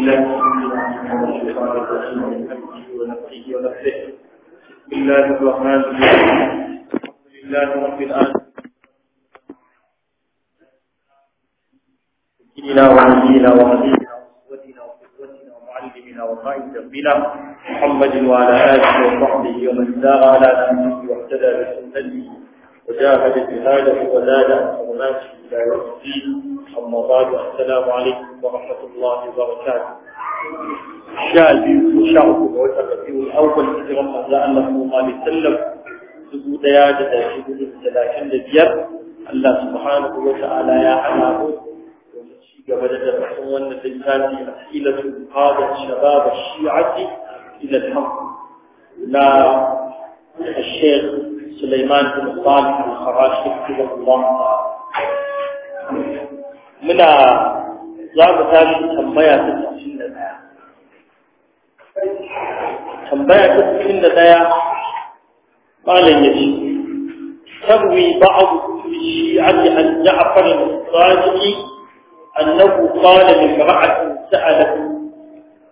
بالله من الشيطان الرجيم من همه ونفسه ونفسه بسم الله الرحمن الرحيم الحمد لله رب العالمين سيدنا ونبينا وحبيبنا واسوتنا وقدوتنا ومعلمنا وقائد ربنا محمد وعلى اله وصحبه ومن سار على نهجه واهتدى بسنته وجاهد جهاده وزاد حرماته الى يوم الدين اما بعد السلام عليكم ورحمه الله وبركاته شاء في شعب وتربيه الاول هجرة من لا الله صلى الله عليه وسلم سجود يا جدا سجود الثلاثين لبيار الله سبحانه وتعالى يا حماه ومشي da تحول للإنسان أسئلة قادة شباب الشيعة إلى الحق لا الشيخ سليمان بن صالح الخراشي رحمه الله منا زابطة تنبيا تتحسين لدايا تنبيا تتحسين لدايا قال يجي تروي بعض في عدي جعفر الصادق أنه قال من سألت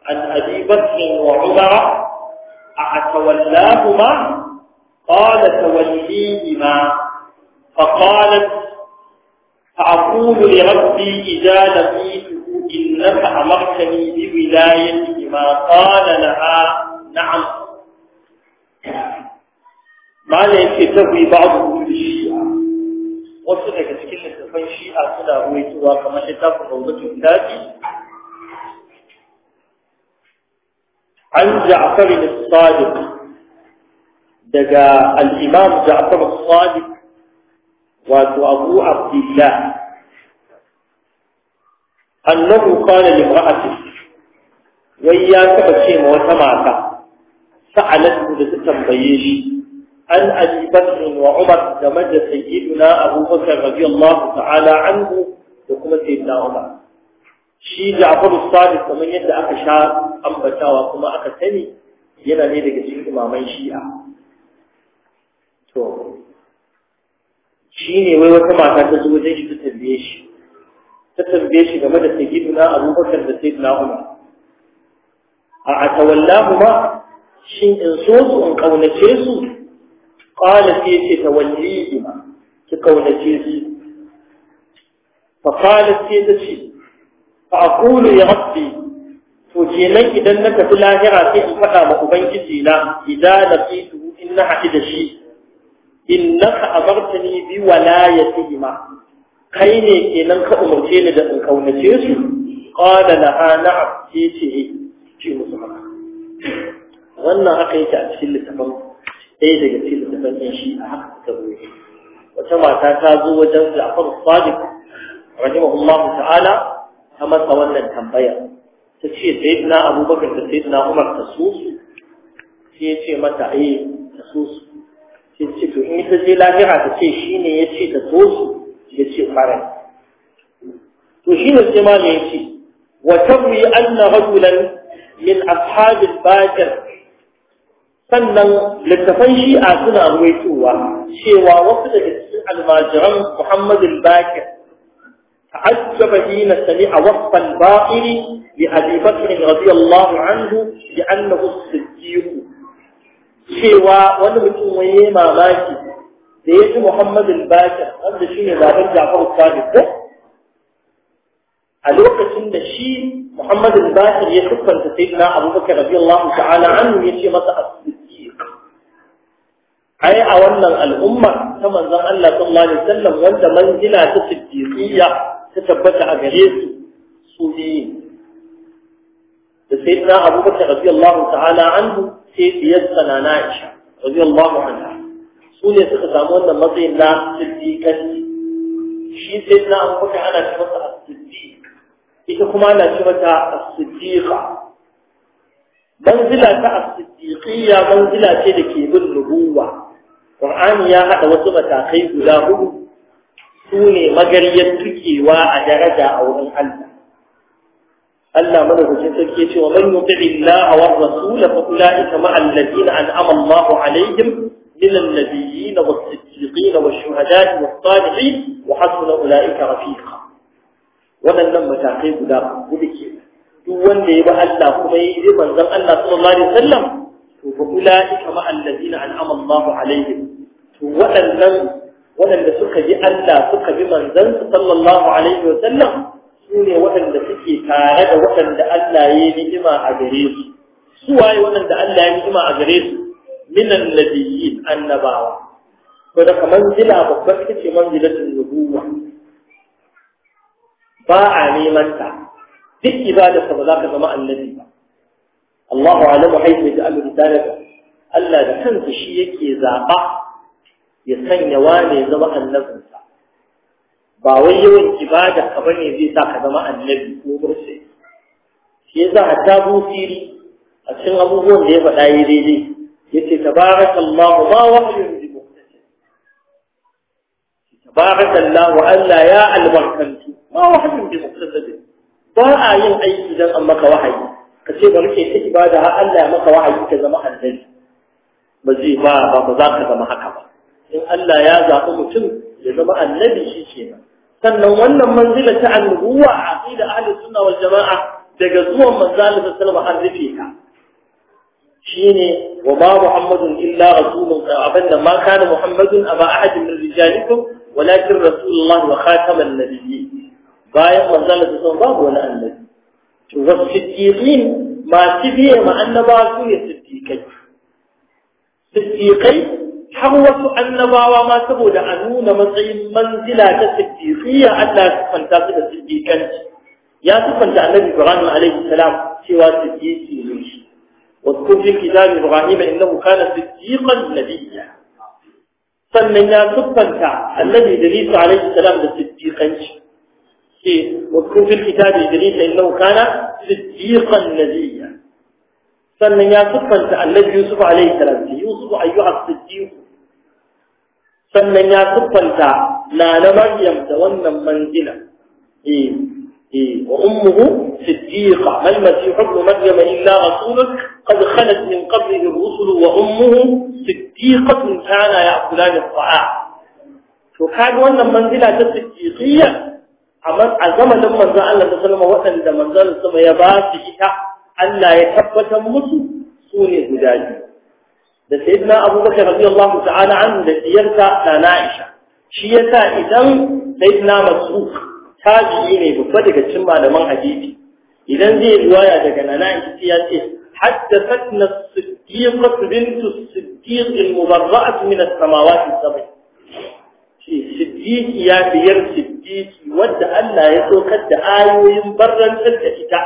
عن أبي بكر وعمر أتولاهما قال توليهما فقالت أقول لربي إذا لقيته إنك أمرتني بولايتهما قال لها نعم ما لا يتوي بعضهم للشيعة wasu daga cikin littattafan shi'a suna ruwaitowa kamar littafin rubutun daji an ja'far al-sadiq daga al'imam Ja'far Sadiq wato Abu Abdullah annahu qala li wai ya taba ce ma wata mata sa'alatu da ta tambaye shi an Abi wa Umar da majda sayyiduna Abu Bakr radiyallahu ta'ala anhu da kuma sayyidina Umar shi Ja'far Sadiq kamar yadda aka sha ambatawa kuma aka sani yana ne daga cikin imaman Shi'a to shi ne wai wata mata ta zo wajen shi ta tambaye shi ta tambaye shi game da na abubakar da na umar a atawallahu ma shin in so su in kaunace su ƙwala sai ce ta tawallihi ma ki kaunace su fa sai ta ce fa Kulu ya rabbi to kenan idan na tafi lahira sai in faɗa ma ubangiji na idan na tuhu in na haɗu da shi In a innaka amartani bi ma. kai ne kenan ka umarce ni da in kaunace su qala laha na'am ce ce eh, ce musu haka wannan haka yake a cikin littafin ɗaya daga cikin littafin ɗin shi a haka ta rubuce wata mata ta zo wajen Ja'far Sadiq rahimahullahu ta'ala ta masa wannan tambaya ta ce sayyidina Abubakar da sayyidina Umar ta so su sai ya ce mata eh ta so su sai ce to in ta je lahira ta ce shi ne ya ce ta so ya ce farai to shi ne sai ma ya ce wa rajulan min ashabil bakir sannan littafan shi'a suna ruwaitowa cewa wasu daga cikin almajiran muhammadul bakir تعجب حين سمع وصف البائل لأبي بكر رضي الله عنه لأنه الصديق cewa wani mutum wani mamaki da ya ci Muhammadu Bakir wanda shi ne zaben Jafar Sadiq ko a lokacin da shi Muhammadu Bata ya Abu Sayyidina rabi radiyallahu ta'ala anhu ya ce masa as-siddiq ai a wannan al'umma ta manzon Allah sallallahu alaihi wasallam wanda manzila ta siddiqiyya ta tabbata a gare su su ne da Sayyidina Abubakar radiyallahu ta'ala anhu sai diyarsa na wajen radiyallahu anha su ne suka samu wannan matsayin na siddiƙanci shi sai na kuka ana ce mata as-siddiq ita kuma ana ce mata as-siddiqa manzila ta as-siddiqiyya manzila ce da ke bin nubuwa qur'ani ya haɗa wasu matakai guda hudu su ne magariyar tukewa a daraja a wurin Allah Allah madaukakin sarki yace wa man yuti Allah wa rasul fa ulaika ma alladhina an'ama Allah alaihim min an-nabiyyin was-siddiqin wash-shuhada'i was-salihin wa hasuna ulaika rafiqa wadannan matakai guda hudu ke duk wanda ya bi Allah kuma ya yi manzon Allah sallallahu alaihi wasallam to fa ulaika ma alladhina an'ama Allah alaihim to wadannan wadanda suka bi Allah suka bi manzon sallallahu alaihi wasallam su ne waɗanda suke tare da waɗanda Allah ya yi ni'ima a gare su su waye waɗanda Allah ya yi ni'ima a gare su minan nabiyyin annabawa to da kamar jila babbar ita ce manzilatul nubuwa ba a neman ta duk ibadarsa ba za ka zama annabi ba Allahu alamu haifu da alu risalata Allah da kansa shi yake zaba ya sanya wane zama annabi ba wai yawan ibada ka bane zai sa ka zama annabi ko mursi shi yasa hatta busiri a cikin abubuwan da ya faɗa yi daidai yace tabarakallahu ma wahyu bi muqtasim tabarakallahu Allah ya albarkantu ma wahyu bi muqtasim ba a yin aiki dan an maka wahayi ka ce bari kai ta ibada har Allah ya maka wahayi ka zama annabi ba zai ba ba za ka zama haka ba in Allah ya zaɓi mutum ya zama annabi shi kenan sannan wannan manzila ta annubuwa a aqida ahli sunna wal jamaa daga zuwan manzo Allah sallallahu alaihi har rufe ka shine wa ma muhammadun illa rasulun abanda ma kana muhammadun aba ahadin min rijalikum walakin rasulullah wa khataman nabiyyi bayan manzo Allah sallallahu babu wani annabi to wasiddiqin ma tibiye ma annaba su ne siddiqai siddiqai har wasu annabawa ma saboda a nuna matsayin manzila ta siddiqiyya Allah ya sifanta su da siddiqanci ya sifanta annabi Ibrahim alaihi salam cewa siddiqi ne shi wa kulli kitab Ibrahim innahu kana siddiqan nabiyya sannan ya sifanta annabi Idris alaihi salam da siddiqanci ce wa kulli kitab Idris innahu kana siddiqan nabiyya sannan ya siffanta annabi Yusuf alaihi salam da Yusuf ayyuha as-siddiq sannan ya siffanta nana Maryam da wannan manzila eh eh wa ummuhu siddiqa mal masih ibn maryam illa rasulun qad khalat min qablihi ar-rusul wa ummuhu siddiqatun kana ya'kulan at-ta'am to kaga wannan manzila ta siddiqiyya amma a zamanin manzon Allah sallallahu alaihi wasallam waɗanda manzon sama ya ba su ita Allah ya tabbatar musu su ne guda biyu da sayyidina abubakar radiyallahu ta'ala an da diyarta da na'isha shi yasa idan sayyidina masruf tabi'i ne babba daga cikin malaman hadisi idan zai riwaya daga na'isha sai ya ce haddathatna siddiqatu bint siddiq al-mubarra'at min as-samawat as-sab'a shi ya biyar siddiqi wanda Allah ya saukar da ayoyin barrantar da ita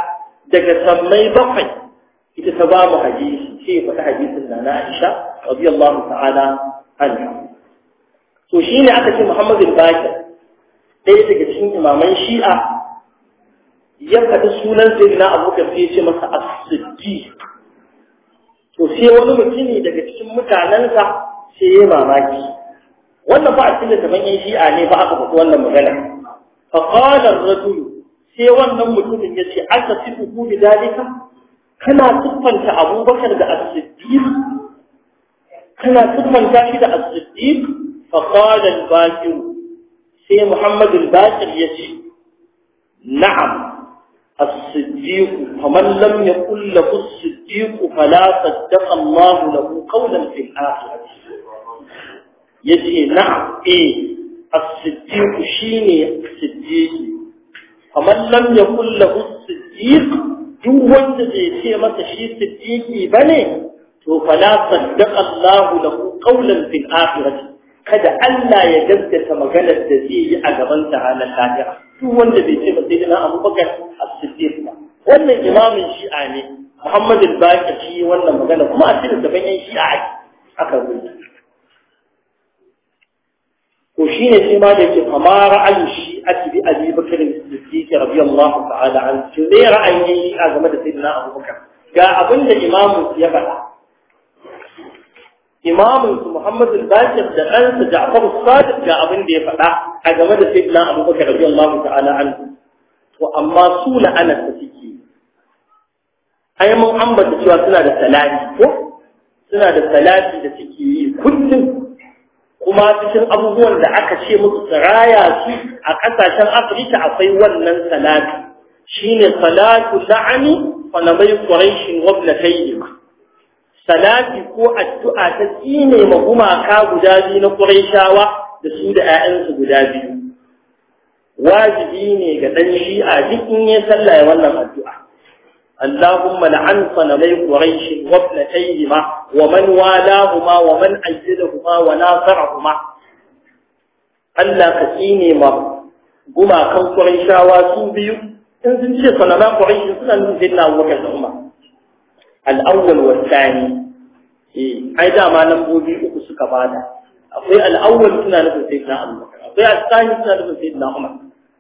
daga sammai bakwai ita ta ba mu hadisi shi ya faɗi hadisin da na Aisha radiyallahu ta'ala anha to shine aka ce Muhammad bin Bakir ɗaya daga cikin imaman Shi'a ya faɗi sunan Sayyidina Abubakar sai ya ce masa as-siddiq to sai wani mutumi daga cikin mutanensa sai ya mamaki wannan ba a cikin da taban yan Shi'a ne ba aka faɗi wannan magana fa qala ar-rajul sai wannan mutumin ya ce aka fi ku bi dalika kana siffanta abubakar da as-siddiq kana siffanta shi da as-siddiq fa qala al-baqir sai muhammad al-baqir ya ce na'am as-siddiq faman lam yaqul lahu as-siddiq fala saddaqa Allah lahu qawlan fil akhirah yace na'am eh as-siddiq shine siddiq faman lam yakul lahu siddiq duk wanda bai ce masa shi siddiqi ne, to fala saddaqa Allah lahu qawlan fil akhirati kada Allah ya gaskata maganar da zai yi a gaban ta ranar lahira duk wanda bai ce ba sai ina Abubakar a siddiq ba wannan imamin Shi'a ne Muhammad al-Baqir yi wannan magana kuma a cikin gaban yan Shi'a aka gudu. ko shine sai ma da yake famara al-Shi'ati bi Abi Bakr siddiqi radiyallahu ta'ala an shi ne ra'ayi a game da sayyidina abubakar ga abin da imamu ya faɗa imamu muhammad al-bashir da ɗansa ja'far sadiq ga abin da ya faɗa a game da sayyidina abubakar radiyallahu ta'ala an to amma su na anas da suke ai mun ambata cewa suna da salati ko suna da salati da suke yi kullum kuma cikin abubuwan da aka ce musu tsiraya su a ƙasashen afirka akwai wannan salatu shine salatu la'ani falamai quraishin wa ibnatayhim salati ko addu'a ta tsine ma gumaka guda biyu na quraishawa da su da 'ya'yansu guda biyu wajibi ne ga dan shi'a duk in ya sallaya wannan addu'a اللهم لعن صنمي قريش وابنتيهما ومن والاهما ومن أيدهما وناصرهما Allah ka tsine ma gumakan Qurayshawa su biyu in sun ce sanama Quraysh suna nufin na Abu Bakar da al-awwal wa thani eh ai dama lambobi uku suka bada akwai al-awwal suna nufin sayyidina Abu akwai al-thani suna nufin na Umar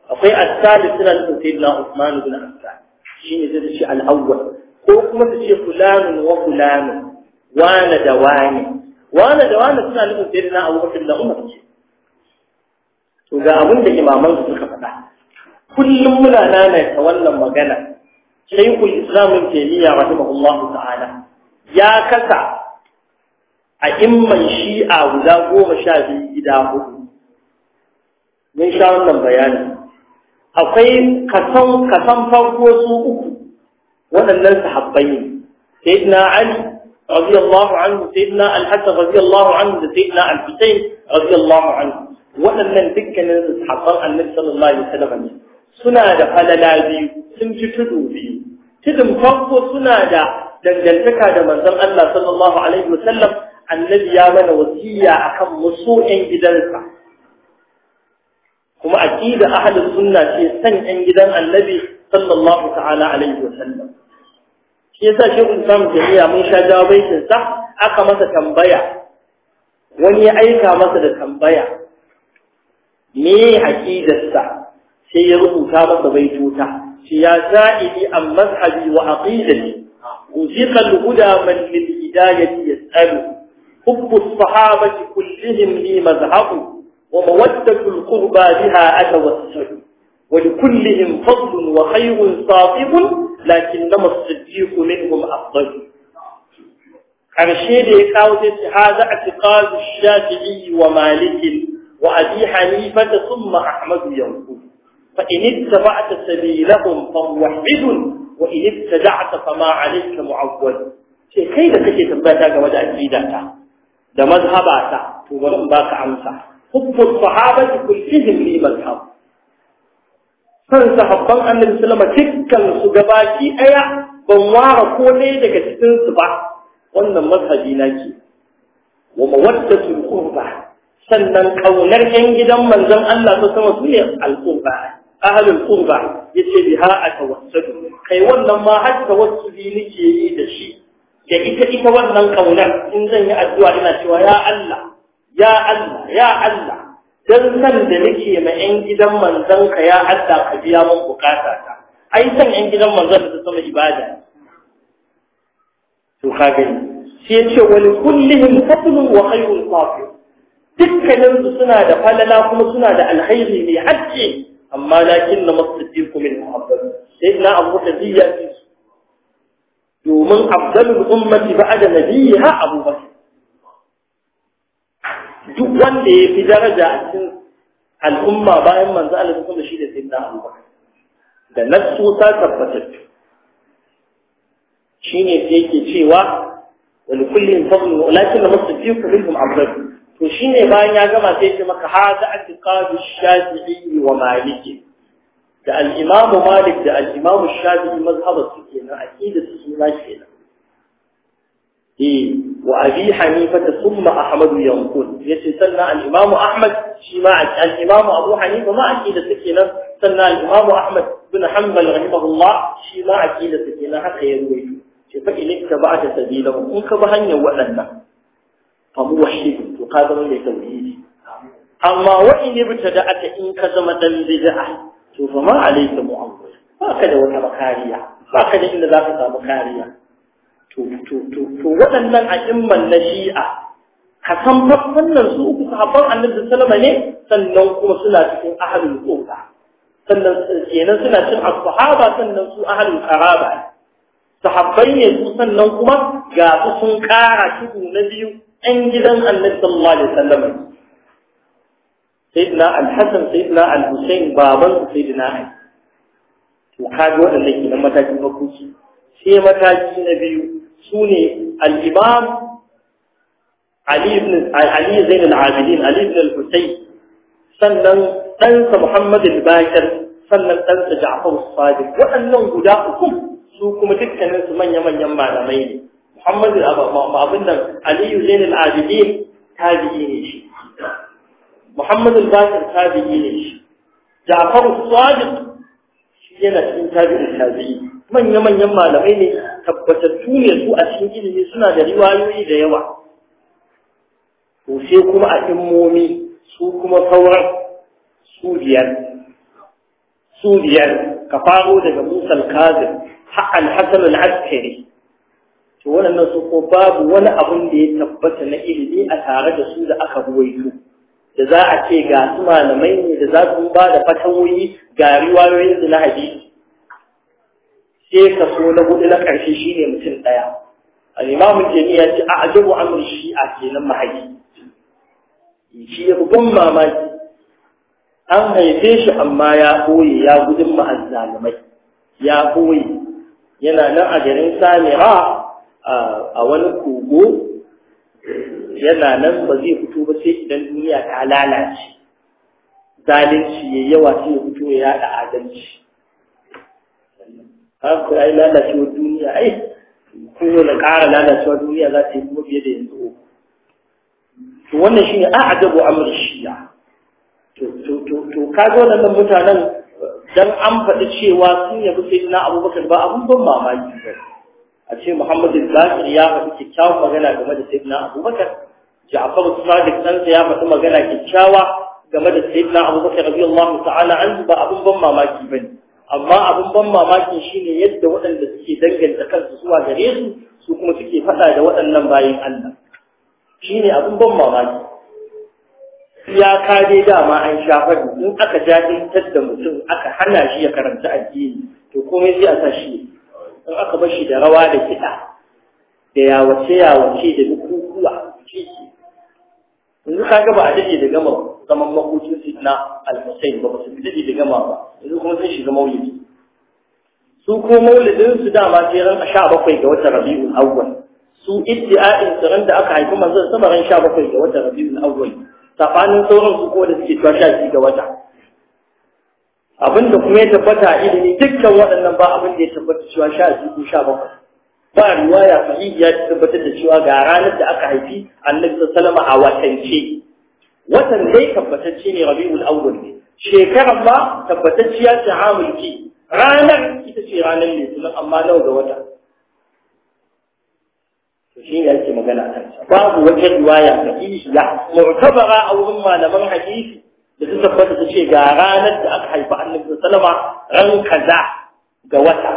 akwai al-thalith suna nufin sayyidina Uthman ibn Affan shi ne zai ce al'awwal ko kuma su ce fulanin wa fulanin wane da wane wane da wane suna nufin sai na abubakar da umar ce to ga abin da imaman su suka faɗa kullum muna ta wannan magana shaykhul islam taymiya rahimahullahu ta'ala ya kasa a imman shi'a guda goma sha biyu gida hudu mun sha wannan bayani akwai kasan kasan farko su uku waɗannan sahabbai ne sayyidina ali radiyallahu anhu sayyidina al-hasan radiyallahu anhu da sayyidina al-husayn radiyallahu anhu waɗannan dukkanin sahabban annabi sallallahu alaihi wasallam ne suna da falala biyu sun ci tudu biyu tudun farko suna da dangantaka da manzon Allah sallallahu alaihi wasallam annabi ya mana wasiya akan musu'in gidansa kuma aqida ahlus sunna ce san yan gidan annabi sallallahu ta'ala alaihi wasallam shi yasa shi kun samu jami'a mun sha jawabaitin sa aka masa tambaya wani ya aika masa da tambaya me sa sai ya rubuta masa baituta shi ya za'idi, an mazhabi wa aqidati uziqa al-huda man lil hidayati yas'alu hubbu as-sahabati mazhabu ومودة القربى بها أتوسل ولكلهم فضل وخير صاطب لكنما الصديق منهم أفضل أرشيد يقاوزت هذا اعتقاد الشافعي ومالك وأبي حنيفة ثم أحمد ينقل فإن اتبعت سبيلهم فموحد وإن ابتدعت فما عليك معول sai kai da تجد tambaya ta game da aqida حب الصحابة كلهم لي مذهب san sahabban annabi sallama dukkan su gabaki ɗaya ban ware ko daga cikinsu ba wannan mazhabi na ke wa mawaddatul qurba sannan ƙaunar yan gidan manzon Allah ta sama su ne al-qurba ahlul qurba yace biha atawassadu kai wannan ma har tawassuli nake yi da shi da ita ita wannan ƙaunar, in zan yi addu'a ina cewa ya Allah ya Allah ya Allah dan san da nake ma ƴan gidan manzon ka ya Allah ka biya mun bukata ta ai san ƴan gidan manzon da sama ibada to ka gani sai ya ce wani kullihim fadlun wa khayrun qafi dukkanin su suna da falala kuma suna da alkhairi mai hajji amma lakin na masjidku min muhabbati sai na abu da diya domin afdalul ummati ba'da nabiyha abubakar duk wanda ya fi daraja a cikin al'umma bayan manzo Allah sun da shi da sayyidina Abubakar da nasu ta tabbata shine sai yake cewa wal kullin fadlu lakin masdiqu minhum abdul to shine bayan ya gama sai ce maka hada atiqadu shafi'i wa maliki da al-imamu malik da al-imamu shafi'i mazhabu su na aqidar su suna kenan eh wa abi hanifa da summa ahmadu yankul yace sannan al-imam ahmad shi ma al-imam abu hanifa ma ake da suke nan sannan al-imam ahmad bin hanbal rahimahullah shi ma ake da suke nan haka ya ruwaito ce fa in ka ba ta sabila in ka ba hanyar waɗannan fa muwahhid to ka zama mai tauhidi amma wa in ibtada aka in ka zama dan bid'a to fa ma alayka mu'awwil ba ka da wata makariya. ba ka da inda za ka samu kariya to waɗannan a'imman na shi'a ka san fannan su uku sahabban annabi sallama ne sannan kuma suna cikin ahlul qurba sannan kenan suna cin as sannan su ahlul qaraba sahabbai ne su sannan kuma ga su sun kara shigo na biyu ɗan gidan annabi sallallahu alaihi wasallam sayyidina al-hasan sayyidina al-husayn baban sayyidina ali to kaga waɗannan kenan matakin makoki sai mataki na biyu sune al-imam Ali ibn Ali Zain al-Abidin Ali ibn al-Husayn sannan ɗansa Muhammad al-Bakir sannan ɗansa Ja'far al-Sadiq waɗannan guda uku su kuma dukkanin su manya-manyan malamai ne Muhammad al nan Ali Zain al-Abidin tabi'i ne shi Muhammad al-Bakir tabi'i ne shi Ja'far al-Sadiq shi yana cikin tabi'in tabi'i manya-manyan malamai ne tabbatattu ne su a cikin ilimi suna da riwayoyi da yawa to kuma a immomi su kuma sauran su biyar ka faro daga Musa al-Kazim har al-Hasan al to su ko babu wani abun da ya tabbata na ilimi a tare da su da aka ruwaito da za a ce ga su malamai ne da za su ba da fatawoyi ga riwayoyin su na hadisi ke kaso na hudu na ƙarshe shine mutum ɗaya al-imam jami ya ce a ajabu a shi'a kenan mahaji shi ya bugun mamaki an haife shi amma ya ɓoye ya gudun ma'azzalumai ya ɓoye yana nan a garin samira a wani kogo yana nan ba zai fito ba sai idan duniya ta lalace zalunci ya yawa sai ya fito ya yada adalci har ku ai lalacewar duniya ai ko da ƙara lalacewar duniya za ta yi kuma fiye da yanzu to wannan shine a'jabu amr shi'a to to to to kaga wannan mutanen dan an faɗi cewa sun yabi sayyidina Abubakar ba abun ban mamaki ba a ce Muhammadu al ya faɗi kyakkyawan magana game da sayyidina Abubakar Ja'far sadiq dan ya faɗi magana kyakkyawa game da sayyidina Abubakar radiyallahu ta'ala an ba abun ban mamaki ba ne. amma abin ban mamakin shine yadda waɗanda suke danganta kansu zuwa gare su su kuma suke faɗa da waɗannan bayan Allah shine abin ban mamaki ya kare dama an shafar in aka jajintar da mutum aka hana shi ya karanta addini to komai sai a sa shi in aka bar shi da rawa da kiɗa da yawace yawace da yanzu ka ga ba a dade da gama zaman makocin sidna al-husayn ba su dade da gama ba yanzu kuma sun shiga maulidi su kuma maulidin su dama sai ran bakwai ga watan rabiul awwal su iddi'a'in su ran da aka haifi manzon sama ran bakwai ga watan rabiul awwal tsakanin sauran su ko da suke cewa 12 ga wata abinda kuma ya tabbata ilimi dukkan waɗannan ba abin da ya tabbata cewa 12 ko sha bakwai. ba riwaya sahihi ya tabbatar da cewa ga ranar da aka haifi annabi sallallahu alaihi a watance watan dai tabbatacce ne rabiul awwal ne shekarar ma tabbatacciya ce amulki ranar ita ce ranar ne sunan amma nawa ga wata to shi ne ake magana a kan babu wata riwaya ya mu'tabara a wurin malaman hadisi da ta tabbata ta ce ga ranar da aka haifi annabi sallallahu alaihi ran kaza ga wata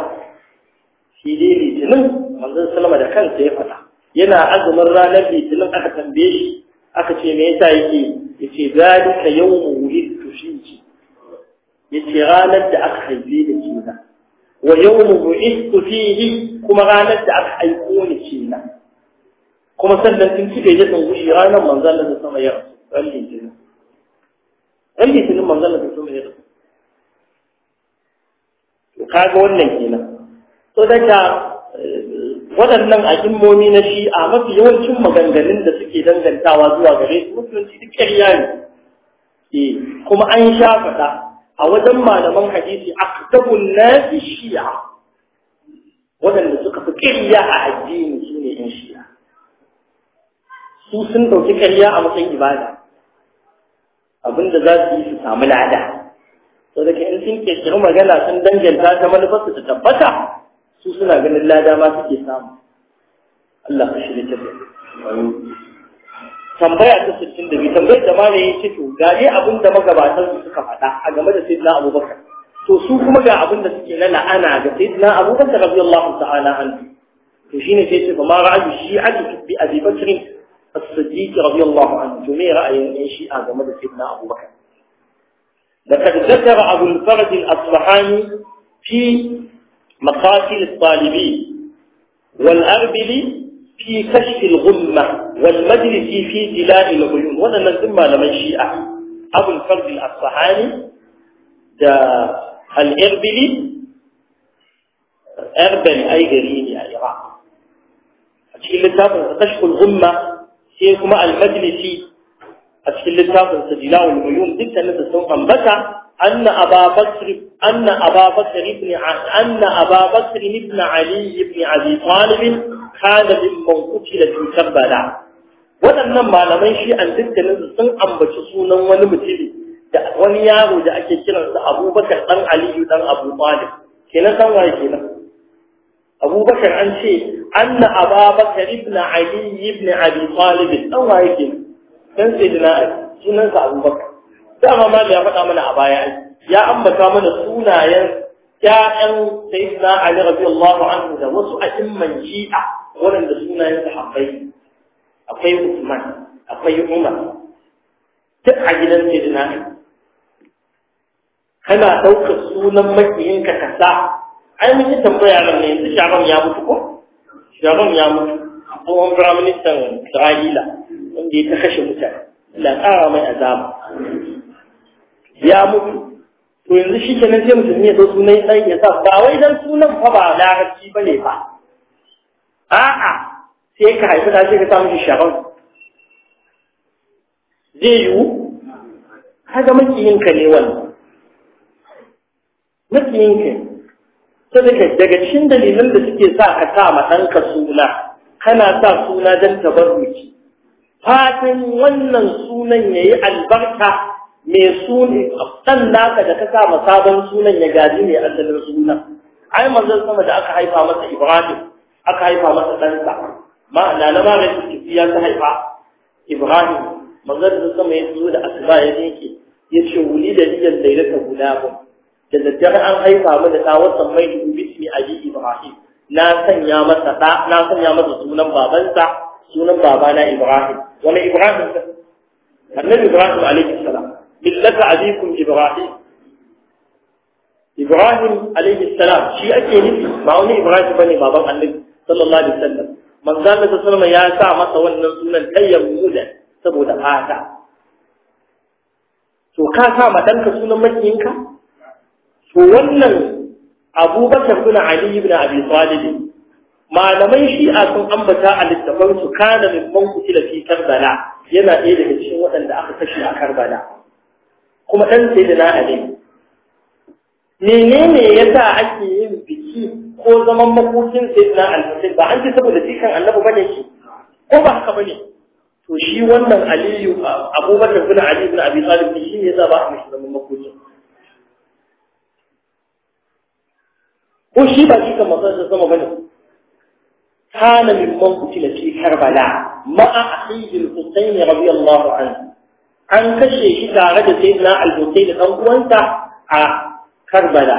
shi dai litinin manzo sallama da kansa ya fada yana azumin ranar litinin aka tambaye shi aka ce me yasa yake yace zalika yawmu wulidtu fihi yace ranar da aka haife da kina wa yawmu bu'ithu fihi kuma ranar da aka aiko ni kina kuma sannan tun kike ya tsangu shi ranar manzo Allah sallama ya wasallam ran litinin ran litinin manzon Allah sallallahu alaihi wasallam kaga wannan kenan to daga waɗannan a'immomi na shi a mafi yawancin maganganun da suke dangantawa zuwa gare su musulunci duk ƙarya ne eh, kuma an sha faɗa a wajen malaman hadisi a aktabun nasi shi'a waɗanda suka fi ƙarya a addini su ne in shiya. su sun ɗauki ƙarya a matsayin ibada abinda za su yi su samu lada daga in sun ƙirƙiri magana sun danganta ta manufarsu ta tabbata su suna ganin lada ma suke samu Allah ka shirye ta tambaya ta 62 tambayar da mana yin cito ga dai abin da magabatan su suka faɗa a game da sayyidina Abubakar to su kuma ga abin da suke na la'ana ga sayyidina Abubakar radiyallahu ta'ala anhu to shine sai ce ma ra'ayi shi'ati bi Abi Bakr as-Siddiq radiyallahu anhu to me ra'ayin yan a game da sayyidina Abubakar da لقد ذكر أبو الفرد الأصبحاني في مقاتل الطالبي والأربلي في كشف الغمة والمجلس في دلاء العيون وانا نزم لمن شيئة أبو الفرد الأصحاني دا الإربلي أربلي أي غريني أي عراق أشكل لتابع كشف الغمة هي كما المجلس أشكل لتابع دلاء العيون دكتا نتسوقا بكا أن أبا بكر أن أبا بكر ابن أن أبا بكر ابن علي ابن أبي طالب كان ممن قتل في كربلاء waɗannan malamai shi an dukkanin sun ambaci sunan wani mutumi da wani yaro da ake kiransa Abubakar dan Aliyu dan Abu Talib kenan san waye kenan Abubakar an ce anna Abubakar ibn Ali ibn Abi Talib dan waye kenan dan sai Ali sunan sa Abubakar dama ma ya faɗa mana a baya ya ambata mana sunayen ya'yan sayyidina Ali radiyallahu anhu da wasu a'imman shi'a waɗanda sunayen sahabbai akwai Usman akwai Umar duk a gidan sayyidina Ali kana ɗaukar sunan makiyin ka sa ai mun yi tambaya ran ne yanzu Shaban ya mutu ko Shaban ya mutu tsohon firaministan Isra'ila wanda ya ta kashe mutane Allah ƙara mai azaba ya mutu to yanzu shi kenan sai mutum ya zo sunan ɗan ya sa ba wai dan sunan fa ba larabci ba ne ba a'a sai ka haifi da sai ka samu shi sharon zai yiwu kaga ka ne wannan ka ne sadaka daga cikin dalilan da suke sa ka sa ma ɗanka suna kana sa suna don tabarruki fatan wannan sunan ya yi albarka me ne ɗan naka da ka sa sabon sunan ya gaji ne asalin sunan ai manzon sama da aka haifa masa Ibrahim aka haifa masa ɗansa ma'ana na mara ya ta haifa Ibrahim manzon sama ya zo da asuba ya yake ya ce wuli da liyan guda ba da daddare an haifa mu da tawar sammai da su abi Ibrahim na sanya masa na sanya masa sunan babansa sunan babana Ibrahim wani Ibrahim annabi Ibrahim alaihi salam millata abikum ibrahim ibrahim alaihi salam shi ake nufi ba wani ibrahim bane baban annabi sallallahu alaihi wasallam manzo Allah sallallahu ya sa masa wannan sunan tayyamuda saboda fata to ka sa ma sunan makiyinka to wannan abubakar bin ali ibn abi talib shi shi'a sun ambata a littafan su kana min man kutila fi karbala yana ɗaya daga cikin waɗanda aka kashe a karbala kuma ɗan sayyidina ali menene yasa ake yin biki ko zaman makokin sayyidina al-husayn ba an ce saboda jikan annabi bane shi ko ba haka bane to shi wannan aliyu abubakar bin ali bin abi talib shi ne yasa ba a mishi zaman makokin ko shi ba jikan masu sama bane كان ممن قتل في كربلاء مع أخيه الحسين رضي الله عنه an kashe shi tare da sai na albutai da ɗan uwansa a karbala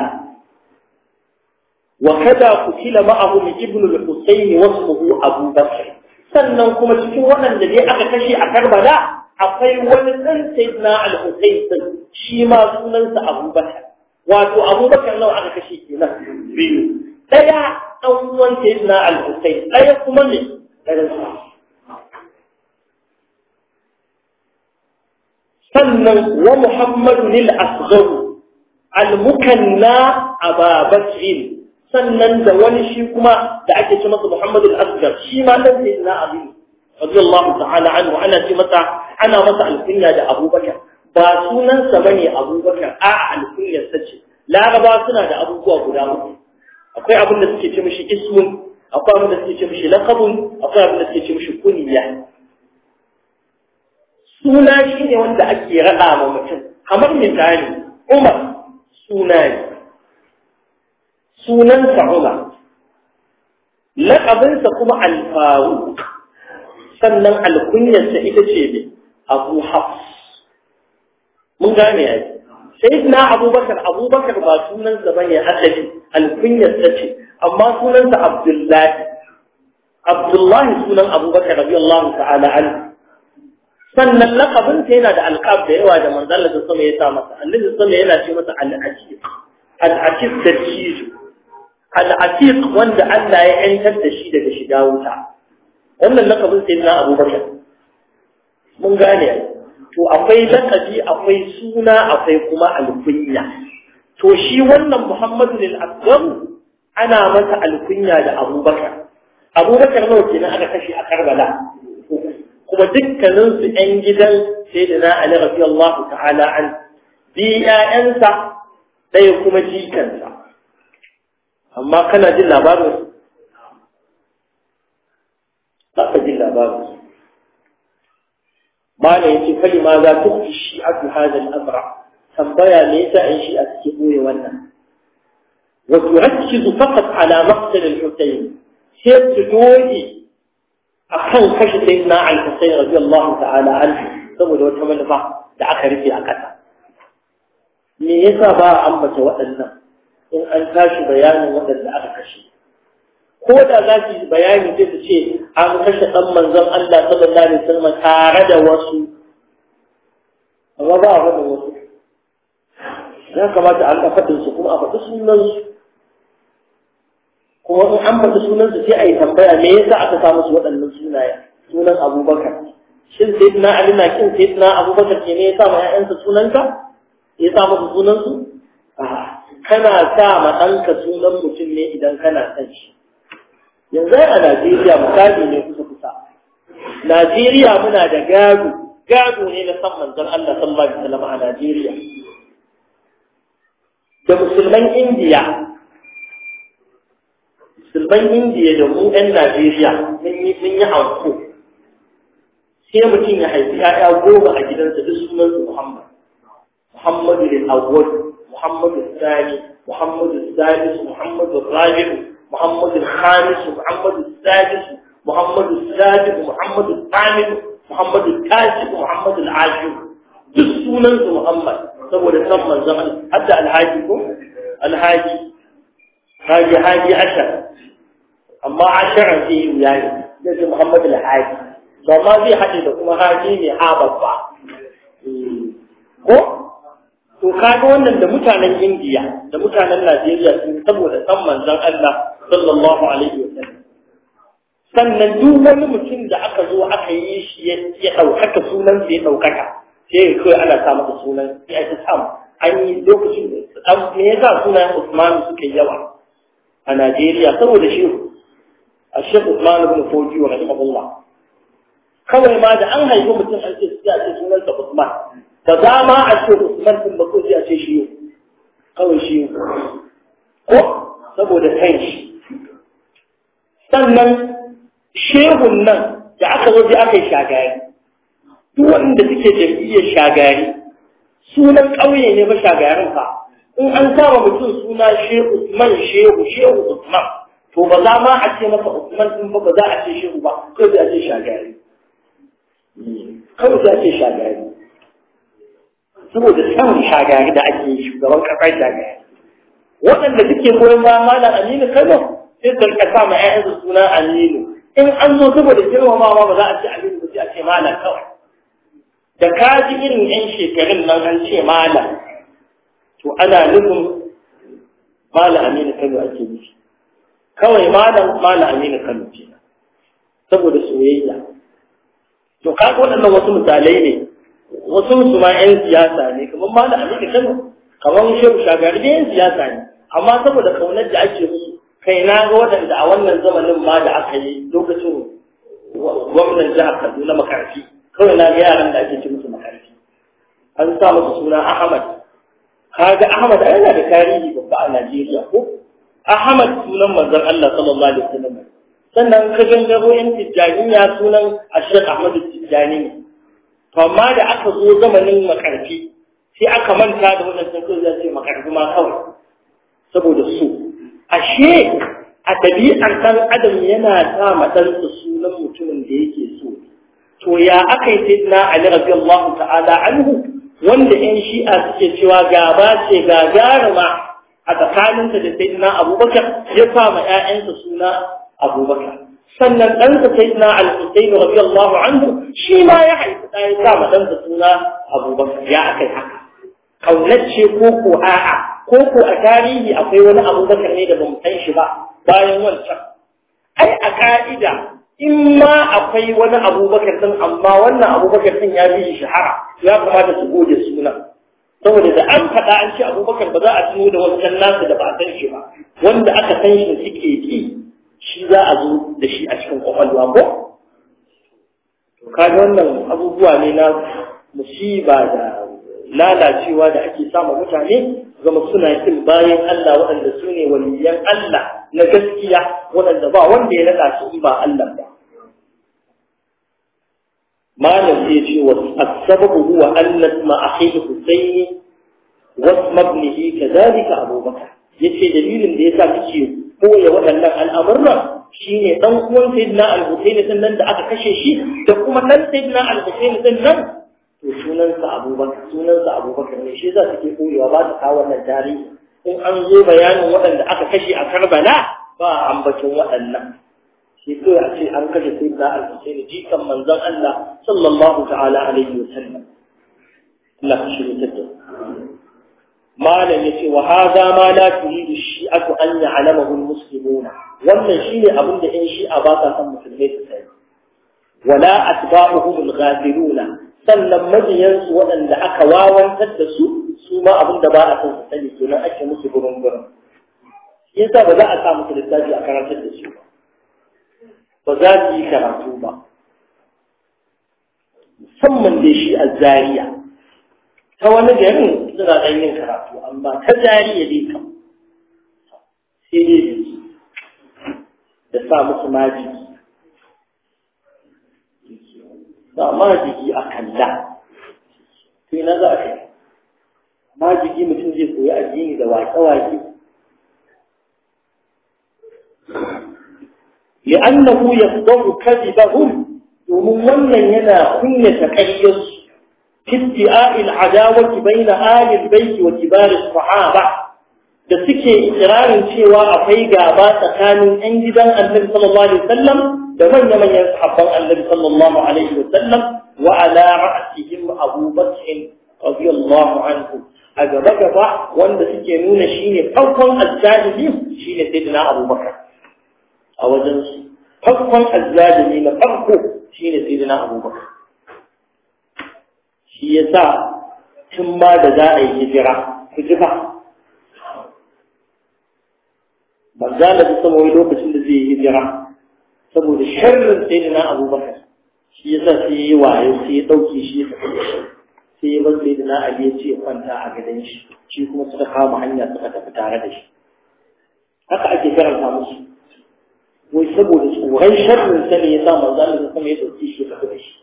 wa kada kutila ma'ahu min ibn al-husayn wasmuhu abu bakr sannan kuma cikin waɗanda dai aka kashe a karbala akwai wani ɗan sayyidina al-husayn shi ma sunansa abu bakr wato abu bakr nawa aka kashe kenan biyu ɗaya ɗan uwan sayyidina al-husayn ɗaya kuma ne ɗan sannan wa muhammadu lil asgharu almukanna a aba sannan da wani shi kuma da ake ce masa muhammadu al-asghar shi ma dan sai na abin radiyallahu ta'ala anhu ana ce masa ana masa alkunya da abubakar ba sunansa bane abubakar a alkunyar sa ce laraba suna da abubuwa guda uku akwai abin da suke ce mishi ismun akwai abin da suke ce mishi laqabun akwai abin da suke ce mishi kunya suna shi ne wanda ake raɗa ma mutum kamar misali umar suna ne sunansa umar laƙabinsa kuma alfaru sannan alkunyarsa ita ce ne abu hafs mun gane ya yi sayyidina abubakar abubakar ba sunansa ba ne asali alkunyarsa ce amma sunansa abdullahi abdullahi sunan abubakar rabi rabiyallahu ta'ala anhu sannan lakabin ta yana da alƙab da yawa da manzala da sama ya sa masa annabi sama yana ce masa al'aqiq al'aqiq da cizo al'aqiq wanda Allah ya yantar da shi daga shiga wuta wannan lakabin sai na abubakar mun gane to akwai lakabi akwai suna akwai kuma alkunya to shi wannan muhammadu lil asghar ana masa alkunya da abubakar abubakar nawa kenan aka kashe a karbala kuma dukkaninsu ‘yan gidan sai da na Ali rafi Allah ta'ala an bi ‘ya'yansa ɗaya kuma jikansa. Amma kana jin labarin Za ka jin labarin Mana yace ma za ta fi shi a hadal amra tambaya ne yasa ‘yan shi a cikin ɓoye wannan. Wa turaccizu faqat ala da al-Husayn sai su doge akan kashe sayyidina na husayn radiyallahu ta'ala anhu saboda wata manufa da aka rufe a ƙasa me yasa ba a ambata waɗannan in an tashi bayanin waɗanda aka kashe ko da za su bayani sai su ce an kashe ɗan manzon Allah sallallahu alaihi wasallam tare da wasu amma ba a faɗin wasu ya kamata an ka faɗin su kuma a faɗi sunan su kuma in an faɗi sunansu sai a yi tambaya me yasa aka sa musu waɗannan sunaye sunan abubakar shin sai na ali na kin sai na abubakar ke ne ya ma ƴaƴansa sunanka ya sa musu sunansu kana sa ma ɗanka sunan mutum ne idan kana san shi yanzu a najeriya misali ne kusa kusa najeriya muna da gado gado ne na san manzon allah sallallahu alaihi wasallam a najeriya da musulman indiya musulman indiya da mu 'yan najeriya sun yi sun yi hanko sai mutum ya haifi 'ya'ya goma a gidansa duk sunan su muhammad muhammadu da awwal muhammadu sani muhammadu salisu muhammadu rabi'u muhammadu khamisu muhammadu sadisu muhammadu sabi'u muhammadu aminu muhammadu tasiu muhammadu al-ashir duk sunan su muhammad saboda san manzon hadda alhaji ko alhaji haji haji ashar amma an sharan zai yi wuya ne zai ce muhammad al-haji to amma zai haɗe da kuma haji ne ha babba eh. ko to kaga wannan da mutanen indiya da mutanen najeriya sun saboda san manzon allah sallallahu alaihi wa sallam sannan duk wani mutum da aka zo aka yi shi ya ɗaukaka sunan ya ɗaukaka sai ya kawai ana sa masa sunan ya ake samu an yi lokacin da me yasa sunan usman suka yawa a najeriya saboda shi a shekul malamin foji wa rahimahullah kawai ma da an haifi mutum a ce sai a cikin sunan sa Usman da dama a cikin Usman din bako sai a ce shi kawai shi ko saboda kan shi sannan shehun nan da aka zo aka yi shagari duk wanda suke jam'iyyar shagari sunan ƙauye ne ba shagarin fa in an kama mutum suna shehu Usman shehu shehu Usman to ba za ma a ce masa Usman din ba za a ce shi ba kai za a ce shagari kawai za a ce shagari saboda samun shagari da ake shugaban kasar shagari waɗanda suke koyon ba malam Aminu Kano sai su ka sa ma ƴaƴansu suna Aminu in an zo saboda ma ba za a ce Aminu ba sai a ce malam kawai da kaji irin ƴan shekarun nan an ce malam to ana nufin malam Aminu Kano ake kawai malam malam aminu kano ce saboda soyayya to kaga waɗannan wasu misalai ne wasu su ma 'yan siyasa ne kamar malam aminu kano kamar shehu shagari da 'yan siyasa ne amma saboda kaunar da ake musu kai na ga waɗanda a wannan zamanin ma da aka yi lokacin gwamnan jihar kaduna makarfi kawai na ga yaran da ake ci musu makarfi an sa musu suna ahmad kaga ahmad yana da tarihi babba a najeriya ko Ahmad sunan manzon Allah sallallahu alaihi wasallam sannan ka gangaro yan tijjaniya sunan Ashir Ahmad Tijjani ne to amma da aka zo zamanin makarfi sai aka manta da wannan sun kai zai makarfi ma kawai saboda su ashe a ɗabi'ar ɗan adam yana sa ma su sunan mutumin da yake so to ya aka yi sayyidina Ali radiyallahu ta'ala anhu wanda yan shi'a suke cewa gaba ce gagaruma a tsakaninsa da sayyidina abubakar ya sa ma ƴaƴansa suna abubakar sannan ɗansa sayyidina al-husayn radiyallahu anhu shi ma ya haifi ɗaya ya sa ma ɗansa suna abubakar ya akai haka kaunacce ko ko a'a ko ko a tarihi akwai wani abubakar ne da ba mu san shi ba bayan wancan ai a ka'ida in ma akwai wani abubakar ɗin amma wannan abubakar ɗin ya bi shahara ya kamata su goge suna. saboda da an faɗa an ce abubakar ba za a tuno da wancan nasu da ba a san shi ba wanda aka san shi suke ki shi za a zo da shi a cikin kwakwalwa ko to kaga wannan abubuwa ne na musiba da lalacewa da ake samun mutane zama suna kin bayan Allah waɗanda su ne waliyan Allah na gaskiya waɗanda ba wanda ya naɗa su ba Allah ba malam ya ce wa sababu huwa annat ma akhihi husaini wa mabnihi kadhalika abubakar yace dalilin da yasa kike koya waɗannan al'amuran shine dan uwan sayyidina al-husaini din nan da aka kashe shi da kuma dan sayyidina al-husaini din nan to sunansa abubakar sunansa abubakar ne shi za su suke koyewa ba su kawo wannan tarihi in an zo bayanin waɗanda aka kashe a karbala ba a ambaton waɗannan shi kawai a ce an kashe sai da al-Husaini jikan manzon Allah sallallahu ta'ala alaihi wasallam Allah shi ne tada malam yace wa hadha ma la turidu shi'atu an ya'lamahu al-muslimuna wannan shine abin da 'yan shi'a ba sa san musulmai su sani wala atba'uhum al-ghafiluna sannan majiyansu waɗanda aka wawantar da su su ma abin da ba a san su sani kenan ake musu gurin gurin yasa ba za a samu musu a karantar da su ba ba za su yi karatu ba musamman da shi a zariya ta wani garin suna ɗan yin karatu amma ta zariya dai kam sai dai su da sa musu ma jiki sa ma jiki a kalla sai na za a kai ma jiki mutum zai koyi addini da waƙe-waƙe لأنه يفضل كذبهم ومن ولن ينا كنة كيس في ادعاء العداوة بين آل البيت وكبار الصحابة da suke ikirarin cewa akwai gaba tsakanin ‘yan gidan annabi sallallahu alaihi wasallam da manya-manyan sahabban annabi sallallahu alaihi wasallam wa ala ra'sihim Abu Bakr radiyallahu anhu a gaba gaba wanda suke nuna shine farkon azzalimi shine sayyidina Abu a wajen su farkon azzalimi na farko shi shine sayyidina abubakar shi ya sa tun ba da za a yi hijira ku ji hijira manzala da sama wai lokacin da zai yi hijira saboda sharrin sayyidina abubakar shi ya sa sai yi wayo sai ya dauke shi ya tafi sai ya bar sayyidina ali ya ce kwanta a gidan shi shi kuma suka kama hanya suka tafi tare da shi haka ake karanta musu wai saboda tsoron sharrin sa ne ya sa manzo Allah kuma ya dauki shi tafi da shi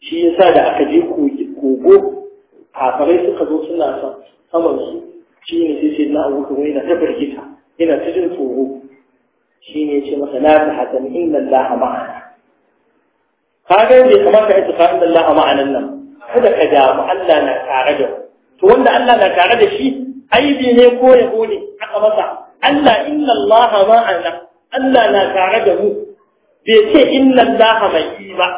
shi yasa da aka je kogo kafarai suka zo suna son saman su shi ne sai sai na abubakar wani ta firgita yana ta jin tsoro shi ne ce masa la ta hazan inna Allah ma'ana ka ga bai kamata ya tafi inna Allah ma'anan nan kada ka damu Allah na tare da to wanda Allah na tare da shi aibi ne ko yabo ne haka masa Allah inna Allah ma'ana Allah na tare da mu bai ce inna Allah mai ba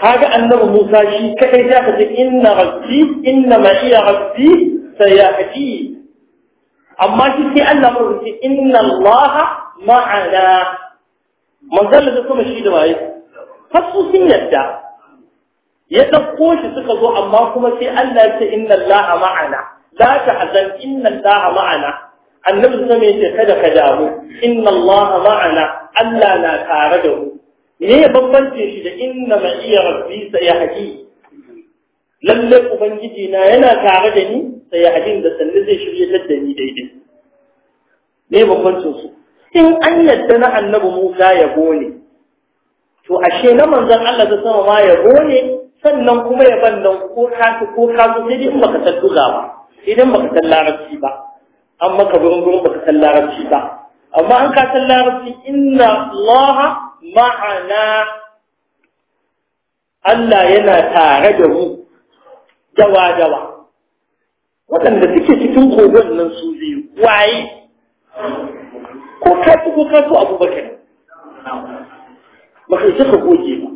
kaga annabi Musa shi kadai ya ce inna rabbi inna ma'iya rabbi sayahdi amma shi sai Allah mu ce inna Allah ma'ana manzon da kuma shi da waye fasu sun yadda ya dauko shi suka zo amma kuma sai Allah ya ce inna Allah ma'ana ta azan inna allaha ma'ana annabi sun yace kada ka damu inna allaha ma'ana Allah na tare da mu me bambance shi da inna ma'iya rabbi sayahdi lalle ubangiji na yana tare da ni sayahdin da sanni zai shirye da ni daidai me bambancin su in an yadda na annabi Musa ya gone to ashe na manzon Allah da sama ma ya gone sannan kuma ya ban nan ko kasu ko kasu sai dai in baka tattuga ba idan baka san larabci ba an maka gurin baka san larabci ba amma an ka san larabci inna Allah ma'ana Allah yana tare da mu dawa dawa waɗanda suke cikin kogon nan su biyu waye ko kafi ko ka abubakar baka kai suka goge ba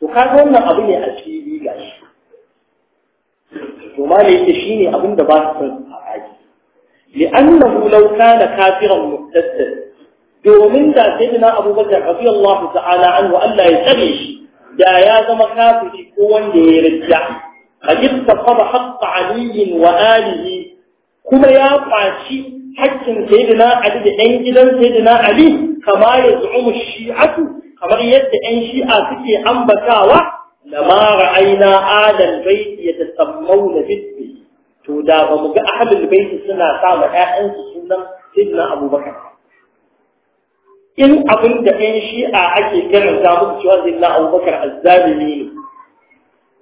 to ka wannan abu ne a to ma ne yake shine abin da ba su san a aji li'annahu law kana kafiran murtaddan domin da dina abubakar radiyallahu ta'ala anhu Allah ya tsare shi da ya zama kafiri ko wanda ya rija qad taqaba haqq ali wa alihi kuma ya kwaci hakkin dina ali da ɗan gidan dina ali kama ya zu'umu shi'atu kamar yadda ɗan shi'a suke ambatawa لما رأينا آل البيت يتسمون باسمه to da ba mu ga ahlul baiti suna sa ma ƴaƴansu sunan sidna abubakar in abin da ƴan shi'a ake karanta muku cewa sidna abubakar azzalimi ne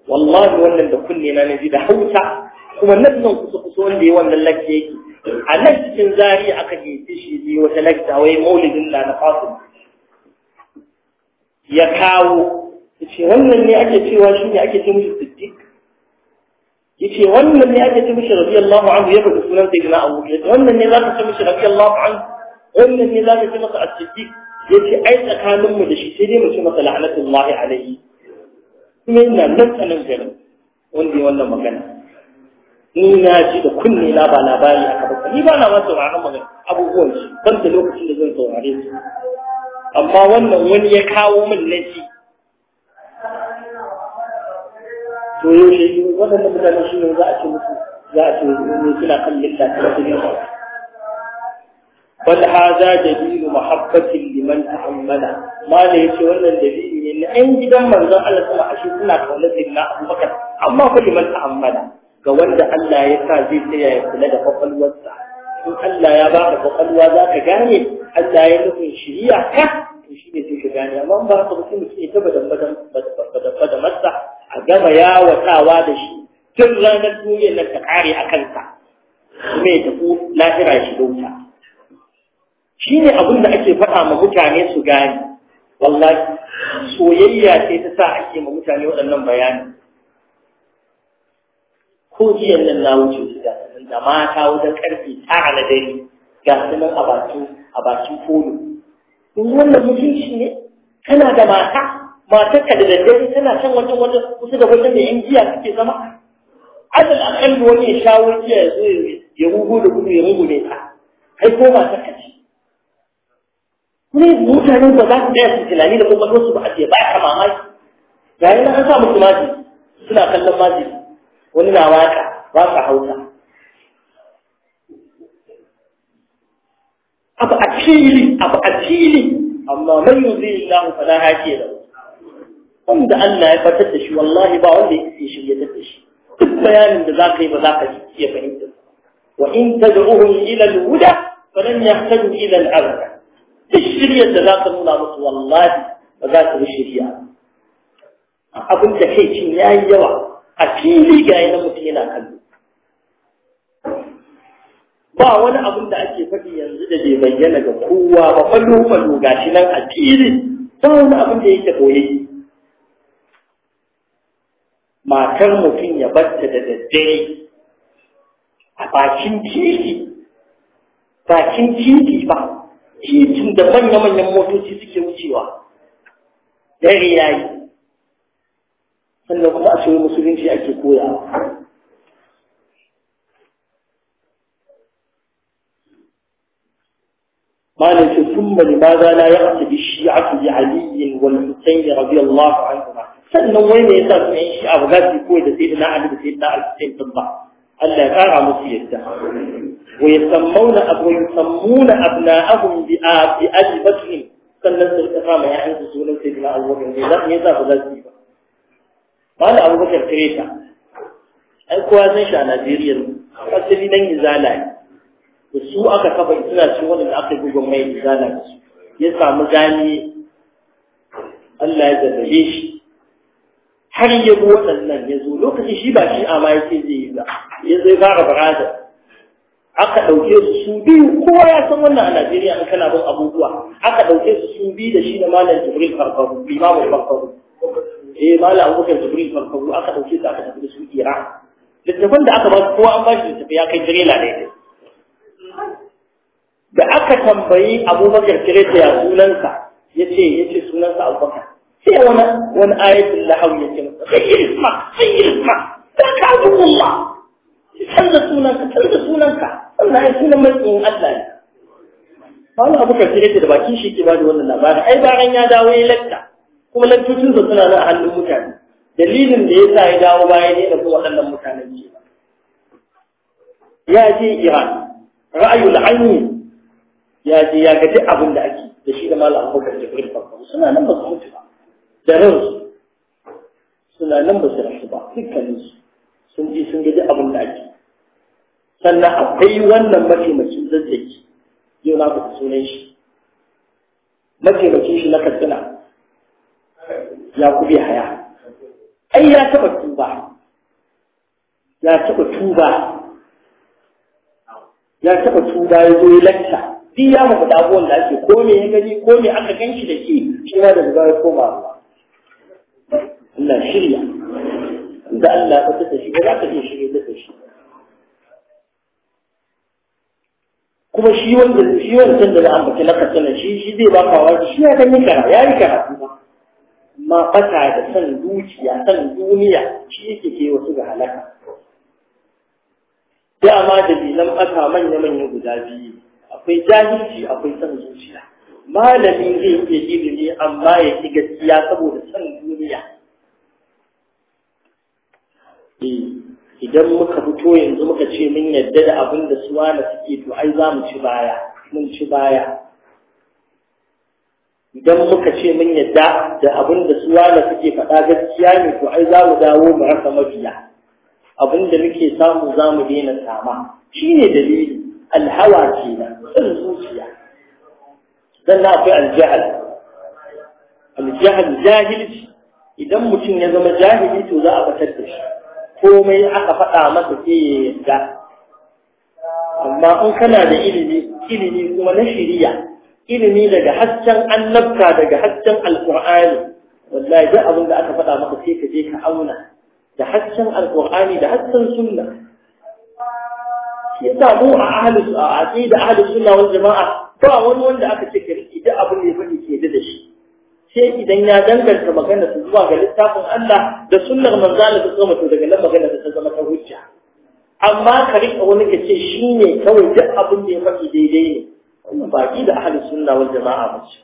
wallahi wannan da kunne na ji da hauta kuma nan nan kusa kusa wanda ya wannan lakce yake a nan cikin zari aka gefe shi ne wata lakta wai maulidin da na fasu ya kawo yace wannan ne ake cewa shi ne ake ce mishi siddiq yace wannan ne ake ce mishi radiyallahu anhu ya faɗi sunan sayyidina Abu Yace wannan ne zaka ce mishi radiyallahu anhu wannan ne zaka ce masa as-siddiq yace ai tsakanin mu da shi sai dai mu ce masa la'natullahi alaihi kuma ina nan tsanan garin wanda yi wannan magana ni na ji da kunne na ba labari aka ba ni ba na ma sauraron magana abubuwan shi ban da lokacin da zan saurare su amma wannan wani ya kawo min nasi to yaushe waɗannan mutane shi ne za a ce musu za a ce ne suna kan lillahi da duniya bal hada dalilu mahabbatin liman ta'ammala ya ce wannan da dalili ne na ɗan gidan manzon Allah kuma ashe suna kaunar dinna Abubakar amma fa liman ta'ammala ga wanda Allah ya sa zai tsaya ya kula da kwakwalwarsa in Allah ya ba ka kwakwalwa za ka gane Allah ya nufin shiriya ka to shi ne sai ka gane amma ba ka mutum ke ta badan badan badan badan masa a gama yawatawa da shi tun ranar duniyar nan ta kare a kansa kuma ya tafi lahira shi dauta shi ne abin da ake faɗa ma mutane su gane wallahi soyayya sai ta sa ake ma mutane waɗannan bayani ko jiyan nan na wuce gida da mata wajen karfe tara na dare ga su nan a bakin a bakin kolo in ne kana da mata ka da daddare tana can wata wajen kusa da wajen da yin giya suke zama adal akal wani ya shawo ya zo ya rugo da gudu ya ne ta kai ko matarka ce ne mutane ba za su daya su tunani da kuma wasu ba a ce ba ka mamaki yayin na an sa musu maji suna kallon maji wani na waka su hausa abu a fili abu a fili amma mai yuzi lahu hake da wanda Allah ya fatar da shi wallahi ba wanda yake shirye da shi duk bayanin da zaka yi ba zaka iya fahimta wa in tad'uhum ila al-huda falan yahtadu ila al-abad duk shiryar da zaka nuna musu wallahi ba za su shirya abin da kai cin yayi yawa a fili ga yana mutum yana kallo ba wani abin da ake faɗi yanzu da bai bayyana ga kowa ba fallo fallo gashi nan a fili ba wani abin da yake koyayye matar mutum ya batta da daddare a bakin titi bakin titi ba titin da manya-manyan motoci suke wucewa dare ya yi sannan kuma a shirin musulunci ake koya malin ce sun bari ba za na yaƙa bi shi'atu bi wani wal husaini radiyallahu anhu sannan wai ya sa su yi abu za su koyi da sai na Ali da sai na al din ba Allah ya kara musu yadda wa ya yasammuna abu yasammuna abna'ahum bi a bi abi ajibatihim sannan su rika ma ya hanzu sunan sai na Abubakar ne za ne za ku za su ba wala Abubakar kireta ai kowa zan sha a Najeriya asali dan izala ne da su aka kafa suna cikin da aka yi gugun mai izala da su ya samu gani Allah ya zabaye shi har ya zo waɗannan ya zo lokacin shi ba shi a ma yake zai yi ba ya zai fara barazan aka ɗauke su su biyu kowa ya san wannan a Najeriya an kana bin abubuwa aka ɗauke su su biyu da shi da malam Jibril Farfaru limamu Farfaru eh malam Abubakar Jibril Farfaru aka ɗauke su aka tafi da su Iran littafin da aka ba su kowa an ba shi littafi ya kai tirela ne da aka tambayi Abubakar Tireta ya sunansa ya ce sunansa Abubakar sai wani wani ayatul lahau ya ce sayyid isma sayyid isma ta ka Allah canza sunanka canza sunanka Allah ya sunan mai tsoron Allah ne wani abu kan kire da baki shi ke ba da wannan labarin ai bayan ya dawo ya lakta kuma lantocin sa suna nan a hannun mutane dalilin da ya sa ya dawo baya ne da kuma waɗannan mutanen ce ya je Iran ra'ayul ayni ya je ya gaji duk abin da ake da shi da malam Abubakar Jibril Bakko suna nan ba su da suna nan ba su rasu ba dukkaninsu sun ji sun gaji abin da ake sannan akwai wannan mataimakin zazzaki yau na kuka sunan shi mataimakin shi na katsina ya kube haya ai ya taba tuba ya taba tuba ya taba tuba ya zo ya lakta duk ya mafi abubuwan da ake ko me ya gani ko me aka gan shi da shi shi ma da zuwa ya koma ba Allah shirya da Allah ba ta shi ba za ka iya shirya da shi kuma shi wanda shi wanda da za a laka lakacin shi shi zai ba ka wani shi ya kan yi kara ya yi karatu ba amma fata da san zuciya san duniya shi yake ke wasu ga halaka da dalilan aka manya manya guda biyu akwai jahilci akwai san zuciya malami zai iya ne amma ya ci gaskiya saboda san duniya E, idan muka fito yanzu muka ce mun yadda da abin da su wala suke to ai za mu ci baya mun ci baya idan muka ce mun yadda da abin da su wala suke faɗa gaskiya ne to ai za mu dawo mu rasa mabiya abin da muke samu za mu daina sama shine dalili alhawa kenan san zuciya na akwai aljahal aljahal jahilci idan mutum ya zama jahili to za a batar da shi komai aka faɗa masa sai yadda. amma in kana da ilimi ilimi kuma na shiriya ilimi daga hasken annabta daga hasken alqur'ani wallahi duk abin da aka faɗa maka sai ka je ka auna da hasken alqur'ani da hasken sunna shi yasa mu a ahlus a aqida ahlus sunna wal jama'a ba wani wanda aka ce ka riki duk abin da ya faɗi ke da shi sai idan ya danganta magana su zuwa ga littafin Allah da sunnar manzo da ta tsoma to daga nan magana ta zama ta hujja amma ka rika wani ka ce shine kawai duk abin da ya faɗi daidai ne wannan baki da ahlus sunna wal jama'a ba ce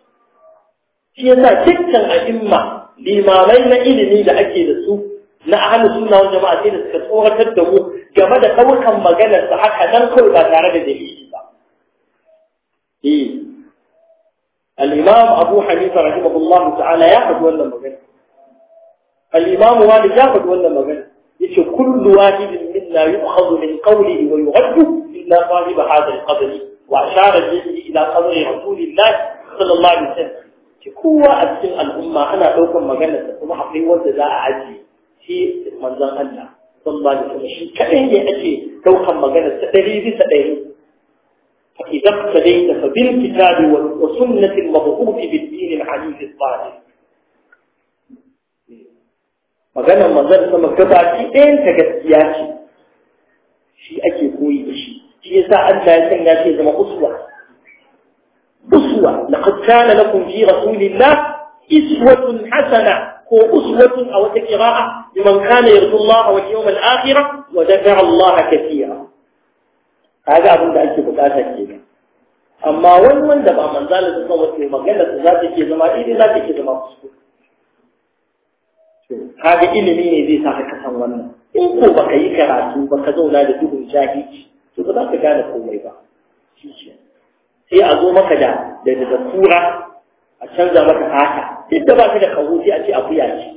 shi yasa dukkan a'imma limamai na ilimi da ake da su na ahlus sunna wal jama'a sai da suka tsoratar da mu game da kawukan maganar su haka nan kawai ba tare da dalili ba eh. الإمام أبو حنيفة رحمه الله تعالى يأخذ ولا مغل الإمام والد يأخذ ولا مغل يشوف كل واحد منا يؤخذ من قوله ويغد إلا صاحب هذا القدر وأشار جده إلى قدر رسول الله صلى الله عليه وسلم كوا أبسل الأمة أنا أوكم مجنة أم حقي وزداء عزي في منزل الله صلى الله عليه وسلم كأهي أجي توقم مغلة سأريد سأريد إذا اقتديت فبالكتاب وسنة المبعوث بالدين العزيز الظاهر maganar mazan sama gabaki ɗayanta gaskiya ce shi ake koyi da shi shi yasa Allah ya sanya shi zama uswa uswa laqad kana lakum fi rasulillah iswatun hasana ko uswatun aw takira liman kana yarju Allah wal yawm al akhirah wa dhakara Allah katira kaga abin da ake bukata kenan amma wani wanda ba manzala da kawai sai magana su za ta ke zama idan za ta ke zama kuskure kaga ilimi ne zai sa ka san wannan in ko baka yi karatu ba ka zauna da duhun jahilci to ba za ka gane komai ba sai a zo maka da da da kura a canza maka haka duk da ba ka da kawo sai a ce akuya ce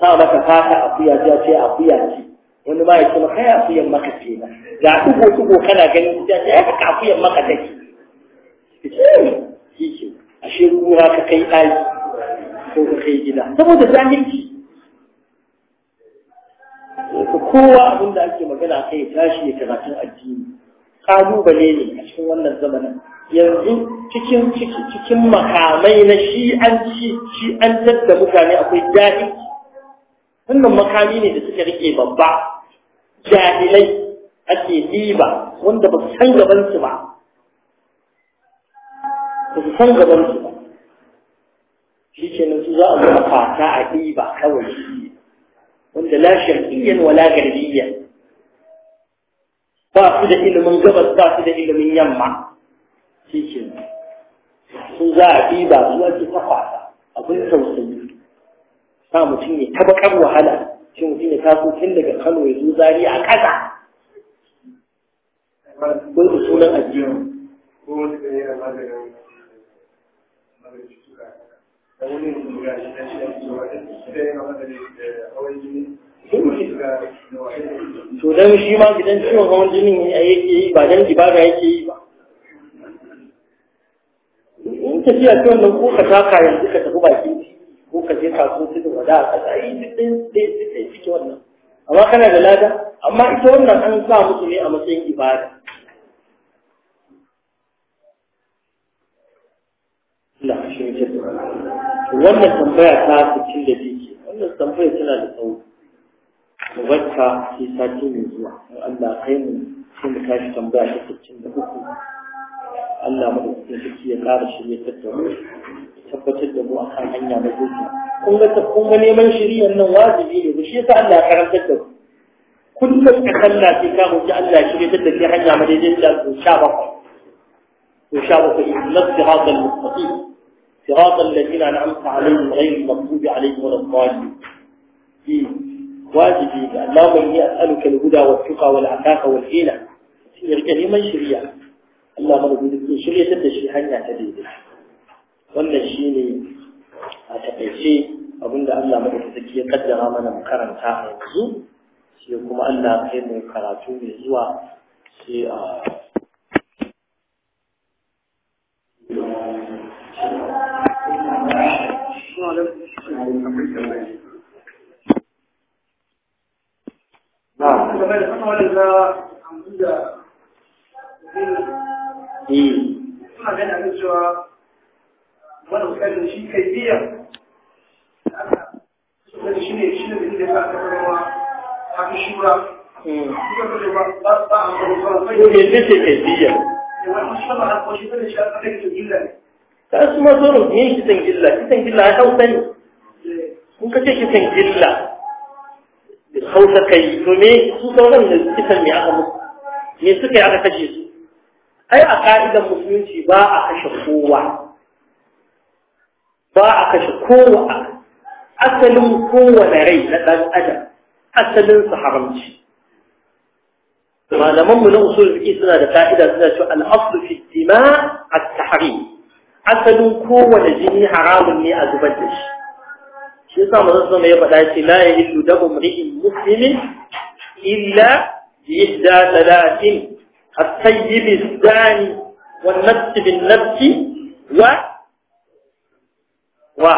sa maka a akuya ce a ce akuya ce wani ba ya ce maka akuyan maka ce na ga dugo dugo kana ganin gida. ya ka akuyan maka take eh, shi ce ashe ruwa ka kai ɗaki ko ka kai gida saboda zahirci kowa abin da ake magana kai ya tashi ya karatun addini kalubale ne a cikin wannan zamanin yanzu cikin cikin makamai na shi'anci shi'antar da mutane akwai jahilci wannan makami ne da suka rike babba jahilai ake diba wanda ba su san gabansu ba ba su san gabansu ba shi ke nan su za a zama fata a diba kawai shi wanda la iyan wala garbiyan ba su da ilimin gabas ba su da ilimin yamma shi ke nan su za a diba su ake ta fata abin tausayi sa mutum ya tabakar wahala shi mutum ya taso tun daga kano ya zo zari a ƙasa kun su sunan addini to dan shi ma gidan ciwon hawan jinin yake yi ba dan ibada yake yi ba in tafiya ciwon nan ko ka taka yanzu ka tafi baki ko ka je kasuwa su da wada a ƙasa yi duk ɗaya duk ɗaya cikin wannan amma kana da lada amma ita wannan an sa musu ne a matsayin ibada Allah shi ne wannan tambaya ta cikin da ke wannan tambaya tana da tsawo mubarka sai sati mai zuwa in Allah kai mu sai mu tashi tambaya ta cikin da uku Allah mu da cikin ya ƙara shirye tattaunawa tabbatar da mu akan hanya na gudu kun ga kun ga neman shiriyar nan wajibi ne shi yasa Allah ya karantar da ku kullum ka sallah sai ka roki Allah ya shirye da kai hanya ma daidai da su sha bakwai to sha bakwai nas sirata al-mustaqim sirata alladhina an'amta alaihim ghayr al-maghdubi alaihim wa ad-dallin واجبي اللهم اني اسالك الهدى والتقى والعفاف والغنى في الكلمه الشريعه اللهم ارزقني شريعه تدشي هنيا تديدي wannan shi ne a takaice abinda Allah ta ya kaddara mana makaranta a yanzu sai kuma Allah kai mu karatu mai zuwa sai a Eh. Suna ganin cewa wannan kanin shi kai biya wani shi ne shi ne da ya sa kuma haka shura kuma hmm. kuma ba ba ba a kuma ba ne ne ce biyan. biya eh, wannan shi ba ko shi ne shi aka kai illa ta su ma zo ne shi san illa shi san illa ya hausa ne eh. kun kace shi san illa hausa kai to me su sauran da kisan me aka musu me suka yi aka kashe su ai a ka'idan musulunci ba a kashe kowa ba a kashe kowa asalin kowane rai na ɗan adam asalin su haramci malaman mu na usul fiqh suna da ka'ida suna cewa al-aslu fi dima' at-tahrim asalin kowane jini haramun ne a zubar da shi shi yasa manzo sama ya faɗa ce la yahillu damu mri'in muslimin illa bi ihda thalathin at-tayyib az-zani wan-nafs bin-nafs wa wa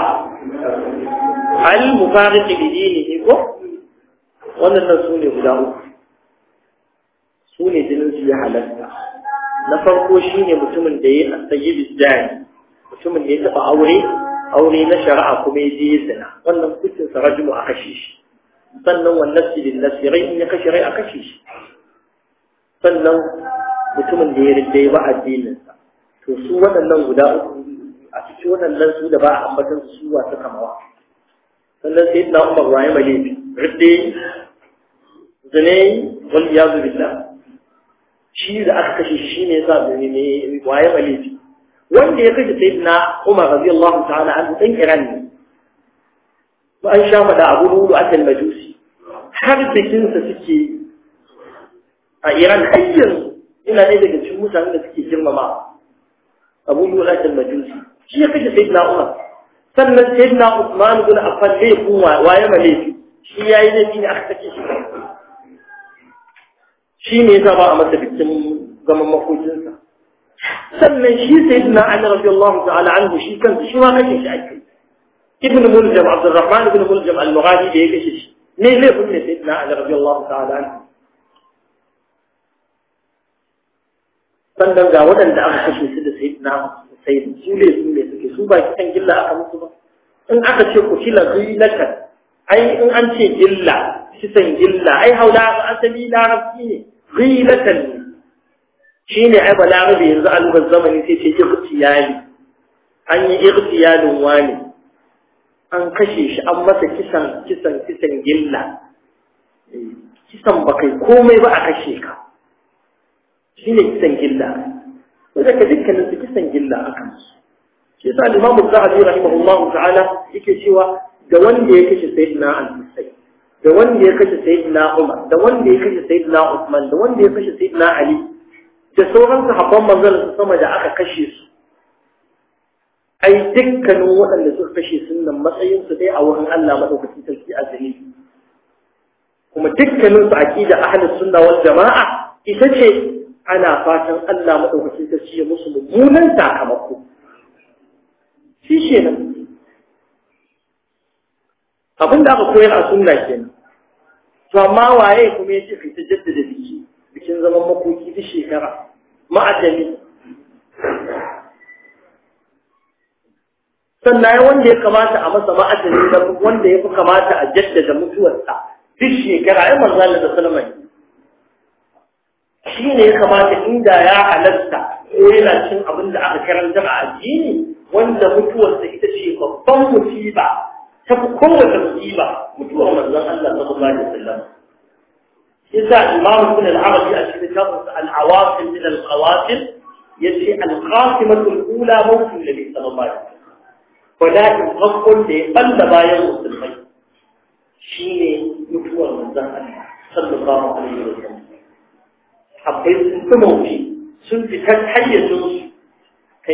al-mufariqi bi dinihi ko wannan nan su ne guda uku su ne jinin su ya halatta na farko shine mutumin da ya asayyibi dani mutumin da ya taɓa aure aure na shari'a kuma ya je zina wannan kucin sa a kashe shi sannan wannan su din nafsi rai in ya kashe rai a kashe shi sannan mutumin da ya rinda ya ba addinin sa to su waɗannan guda uku a cikin waɗannan su da ba a ambatan su wa suka mawa sannan sai na umar wa ya male ridde zane wal iyazu billah shi da aka kashe shi shine yasa zane ne wa ya wanda ya kashe sayyidina umar radiyallahu ta'ala an dan kiran ne ba an sha mada abu lulu atal majusi har bikin sa suke a Iran har yanzu ina ne daga cikin mutanen da suke girmama abu lulu atal majusi shi ya kashe sayyidina Umar sannan sayyidina Usman ibn Affan laifin waye ma laifi shi yayi laifi ne aka sake shi shi ne yasa ba a masa bikin zaman makokinsa sannan shi sayyidina Ali radiyallahu ta'ala anhu shi kansa shi ma kashe shi ake ibn Muljam Abdurrahman ibn Muljam al-Mughadi da ya kashe shi ne laifin ne sayyidina Ali radiyallahu ta'ala anhu sannan ga waɗanda aka kashe su da sayyidina Umar sai su ne su ne suke su ba kisan gilla aka musu ba in aka ce ku kila gillatan ai in an ce gilla kisan gilla ai haula asali larabci ne gillatan ne Shi ne ai balarabe yanzu a lugar zamani sai ce irtiyali an yi irtiyalin wani an kashe shi an masa kisan kisan kisan gilla eh, kisan bakai komai ba a kashe ka shine kisan gilla wadda ka dukkanin su kisan gilla a kansu shi sa limamu zahabi rahimahullahu ta'ala yake cewa da wanda ya kashe sayyidina al-musayyib da wanda ya kashe sayyidina umar da wanda ya kashe sayyidina usman da wanda ya kashe sayyidina ali da sauran sahabban manzon sama da aka kashe su ai dukkanin waɗanda suka kashe sunnan matsayin su dai a wurin Allah madaukakin sarki azumi kuma dukkanin su aqida ahlus sunna wal jamaa ita ce ana fatan Allah maɗaukacin ta ya musu mummunan sakamako shi nan, abin da aka koyar a sunna kenan to amma waye kuma ya ce fita jaddada biki bikin zaman makoki duk shekara ma'adami sannan wanda ya kamata a masa ma'adami wanda ya fi kamata a jaddada mutuwarsa duk shekara ai manzo Allah da sallama shi ne ya kamata inda ya halatta ko yana cin abin da aka karanta a addini wanda mutuwarsa ita ce babban musiba ta fi kowace musiba mutuwar manzon Allah sallallahu alaihi wasallam yasa imam ibn al-arabi a cikin kitabun al-awasim min al-qawasim yace al-qasimatu al-ula mawtu nabi sallallahu alaihi wasallam walakin da ya balla bayan musulmai shine mutuwar manzon Allah sallallahu alaihi wasallam akwai sun sun fitar hayyacin su